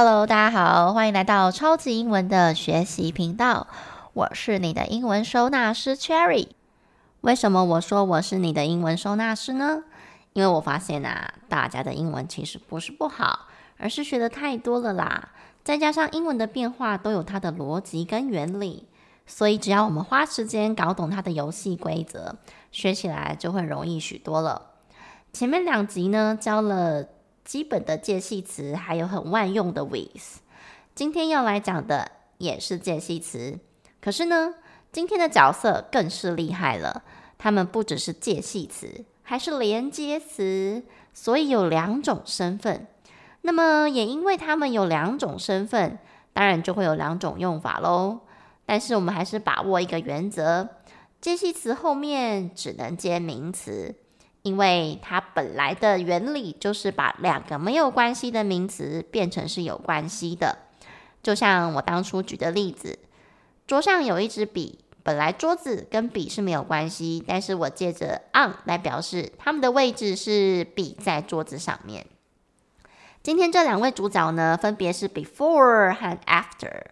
Hello，大家好，歡迎來到超級英文的學習頻道。我是你的英文收納師 Cherry。為什麼我說我是你的英文收納師呢？因為我發現啊，大家的英文其實不是不好，而是學得太多了啦。再加上英文的變化都有它的邏輯跟原理，所以只要我們花時間搞懂它的遊戲規則，學起來就會容易許多了。前面兩集呢，教了。基本的介系詞，還有很萬用的 with。今天要來講的也是介系詞，可是呢，今天的角色更是厲害了。他們不只是介系詞，還是連接詞，所以有兩種身份。那麼也因為他們有兩種身份，當然就會有兩種用法嘍。但是我們還是把握一個原則：介系詞後面只能接名詞。因為它本來的原理就是把兩個沒有關係的名詞變成是有關係的，就像我當初舉的例子，桌上有一支筆，本來桌子跟筆是沒有關係，但是我借着 on 來表示它們的位置是筆在桌子上面。今天這兩位主角呢，分別是 before 和 after，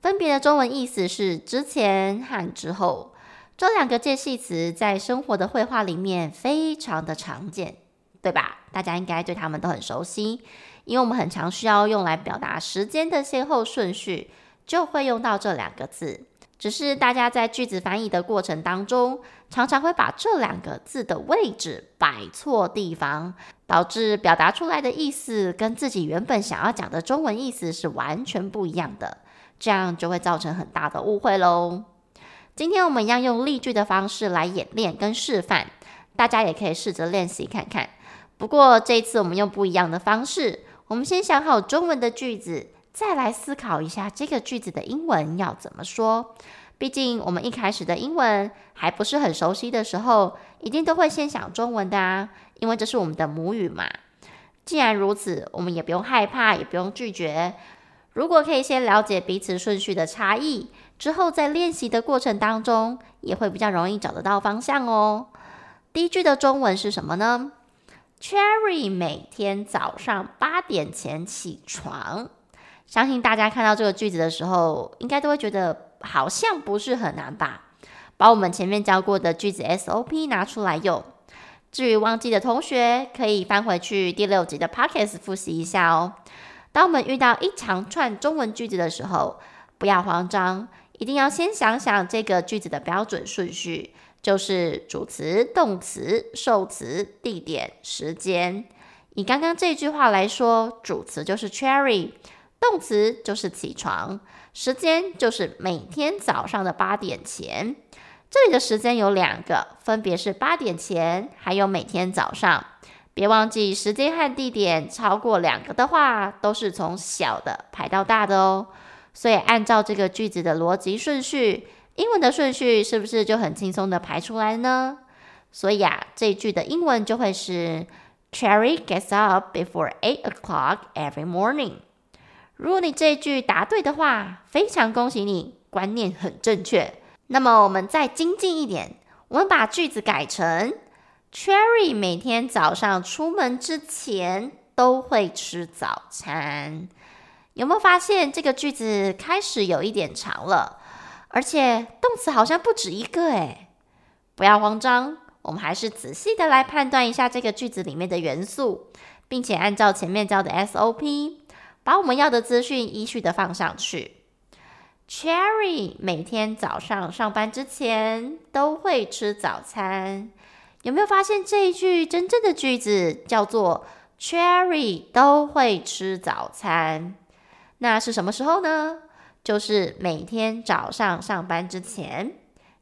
分別的中文意思是之前和之後。這兩個介系詞在生活的會話裡面非常的常見，對吧？大家應該對他們都很熟悉，因為我們很常需要用來表達時間的先後順序，就會用到這兩個字。只是大家在句子翻譯的過程當中，常常會把這兩個字的位置擺錯地方，導致表達出來的意思跟自己原本想要講的中文意思是完全不一樣的，這樣就會造成很大的誤會嘍。今天我們要用例句的方式來演練跟示範，大家也可以試着練習看看。不過這一次我們用不一樣的方式，我們先想好中文的句子，再來思考一下這個句子的英文要怎麼說。畢竟我們一開始的英文還不是很熟悉的時候，一定都會先想中文的啊，因為這是我們的母語嘛。既然如此，我們也不用害怕，也不用拒絕。如果可以先了解彼此順序的差異，之後在練習的過程當中，也會比較容易找得到方向哦。第一句的中文是什麼呢？Cherry 每天早上八點前起床。相信大家看到這個句子的時候，應該都會覺得好像不是很難吧？把我們前面教過的句子 SOP 拿出來用。至於忘記的同學，可以翻回去第六集的 podcast 複習一下哦。當我們遇到一長串中文句子的時候，不要慌張，一定要先想想這個句子的標準順序，就是主詞、動詞、受詞、地點、時間。以剛剛這句話來說，主詞就是 Cherry，動詞就是起床，時間就是每天早上的八點前。這裡的時間有兩個，分別是八點前，還有每天早上。別忘記時間和地點，超過兩個的話都是從小的排到大的哦。所以按照這個句子的邏輯順序，英文的順序是不是就很輕鬆的排出來呢？所以啊，這句的英文就會是 Cherry gets up before eight o'clock every morning。如果你這句答對的話，非常恭喜你，觀念很正確。那麼我們再精進一點，我們把句子改成。Cherry 每天早上出門之前都會吃早餐。有沒有發現這個句子開始有一點長了？而且動詞好像不止一個哎、欸。不要慌張，我們還是仔細地來判斷一下這個句子裡面的元素，並且按照前面教的 SOP，把我們要的資訊依序地放上去。Cherry 每天早上上班之前都會吃早餐。有沒有發現這一句真正的句子叫做 “Cherry 都會吃早餐”，那是什麼時候呢？就是每天早上上班之前。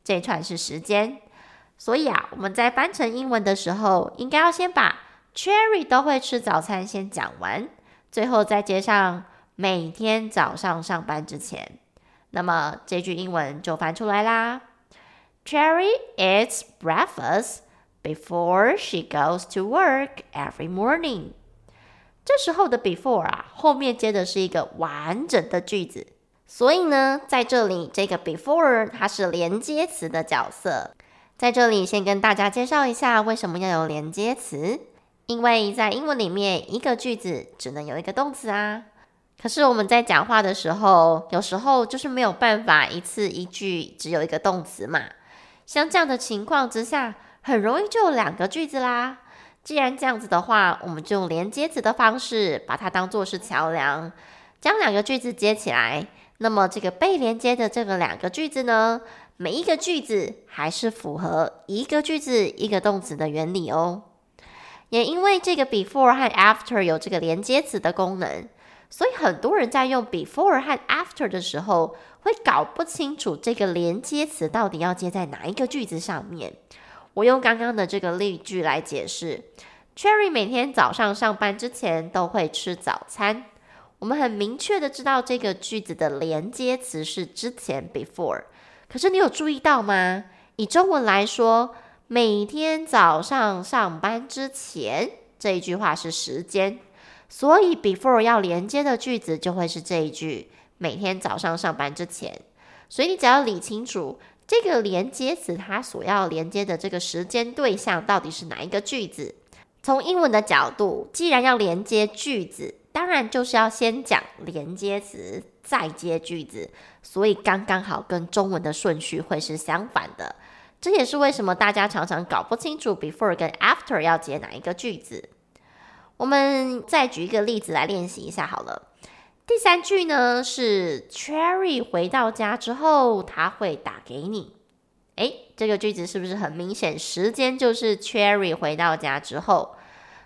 這串是時間，所以啊，我們在翻成英文的時候，應該要先把 “Cherry 都會吃早餐”先講完，最後再接上“每天早上上班之前”。那麼這句英文就翻出來啦：“Cherry eats breakfast。” Before she goes to work every morning，這時候的 before 啊，後面接的是一個完整的句子，所以呢，在這裡這個 before 它是連接詞的角色。在這裡先跟大家介紹一下為什麼要有連接詞，因為在英文裡面一個句子只能有一個動詞啊。可是我們在講話的時候，有時候就是沒有辦法一次一句只有一個動詞嘛，像這樣的情況之下。很容易就有兩個句子啦。既然這樣子的話，我們就用連接詞的方式，把它當做是橋樑，將兩個句子接起來。那麼這個被連接的這個兩個句子呢，每一個句子還是符合一個句子一個動詞的原理哦。也因為這個 before 和 after 有這個連接詞的功能，所以很多人在用 before 和 after 的時候，會搞不清楚這個連接詞到底要接在哪一個句子上面。我用剛剛的這個例句來解釋，Cherry 每天早上上班之前都會吃早餐。我們很明確的知道這個句子的連接詞是之前 before。可是你有注意到嗎？以中文來說，每天早上上班之前這一句話是時間，所以 before 要連接的句子就會是這一句每天早上上班之前。所以你只要理清楚。這個連接詞它所要連接的這個時間對象到底是哪一個句子？從英文的角度，既然要連接句子，當然就是要先講連接詞，再接句子，所以剛剛好跟中文的順序會是相反的。這也是為什麼大家常常搞不清楚 before 跟 after 要接哪一個句子。我們再舉一個例子來練習一下好了。第三句呢，是 Cherry 回到家之後，他會打給你。誒、欸，這個句子是不是很明顯？時間就是 Cherry 回到家之後。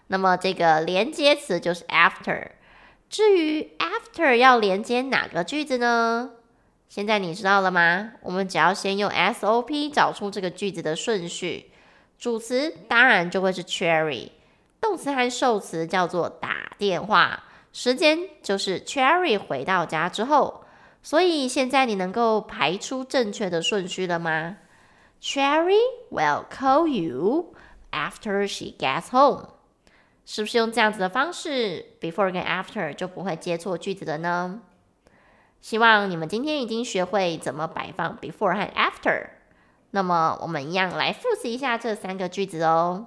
那麼這個連接詞就是 after。至於 after 要連接哪個句子呢？現在你知道了嗎？我們只要先用 SOP 找出這個句子的順序，主詞當然就會是 Cherry，動詞和受詞叫做打電話。時間就是 Cherry 回到家之後，所以現在你能夠排出正確的順序了嗎？Cherry will call you after she gets home。是不是用這樣子的方式，before 跟 after 就不會接錯句子了呢？希望你們今天已經學會怎麼擺放 before 和 after。那麼我們一樣來複習一下這三個句子哦。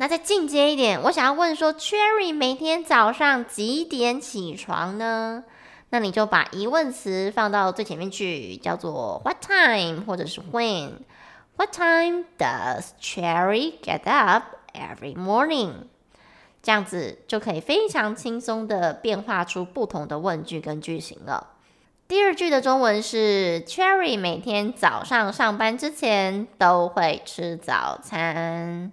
那再進階一點，我想要問說，Cherry 每天早上幾點起床呢？那你就把疑問詞放到最前面去，叫做 What time，或者是 When。What time does Cherry get up every morning？這樣子就可以非常輕鬆的變化出不同的問句跟句型了。第二句的中文是：Cherry 每天早上上班之前都會吃早餐。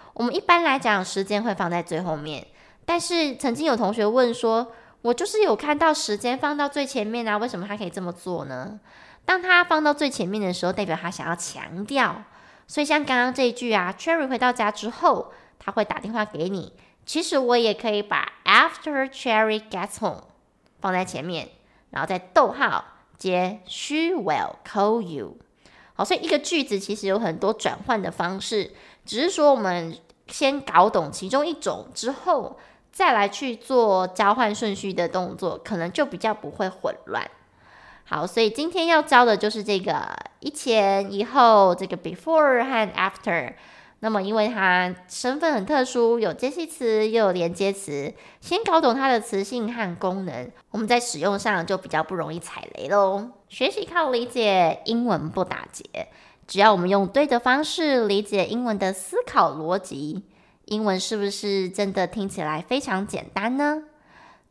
我們一般來講，時間會放在最後面。但是曾經有同學問說：“我就是有看到時間放到最前面啊，為什麼他可以這麼做呢？”當他放到最前面的時候，代表他想要強調。所以像剛剛這一句啊，“Cherry 回到家之後，他會打電話給你。”其實我也可以把 “After Cherry gets home” 放在前面，然後再逗號接 “She will call you”。好，所以一個句子其實有很多轉換的方式。只是說，我們先搞懂其中一種之後，再來去做交換順序的動作，可能就比較不會混亂。好，所以今天要教的就是這個一前一後，這個 before 和 after。那麼因為它身份很特殊，有介系詞又有連接詞，先搞懂它的詞性和功能，我們在使用上就比較不容易踩雷嘍。學習靠理解，英文不打結。只要我們用對的方式理解英文的思考邏輯，英文是不是真的聽起來非常簡單呢？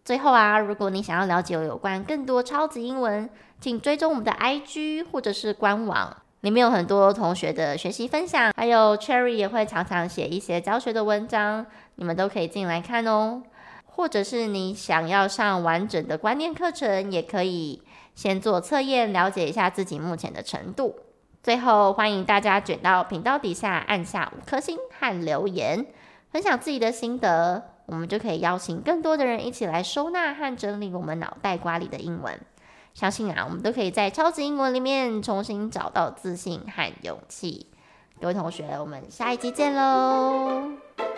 最後啊，如果你想要了解有關更多超級英文，請追蹤我們的 IG 或者是官網，裡面有很多同學的學習分享，還有 Cherry 也會常常寫一些教學的文章，你們都可以進來看哦。或者是你想要上完整的觀念課程，也可以先做測驗，了解一下自己目前的程度。最後，歡迎大家捲到頻道底下，按下五顆星和留言，分享自己的心得。我們就可以邀請更多的人一起來收納和整理我們腦袋瓜裡的英文。相信啊，我們都可以在超級英文裡面重新找到自信和勇氣。各位同學，我們下一期見嘍！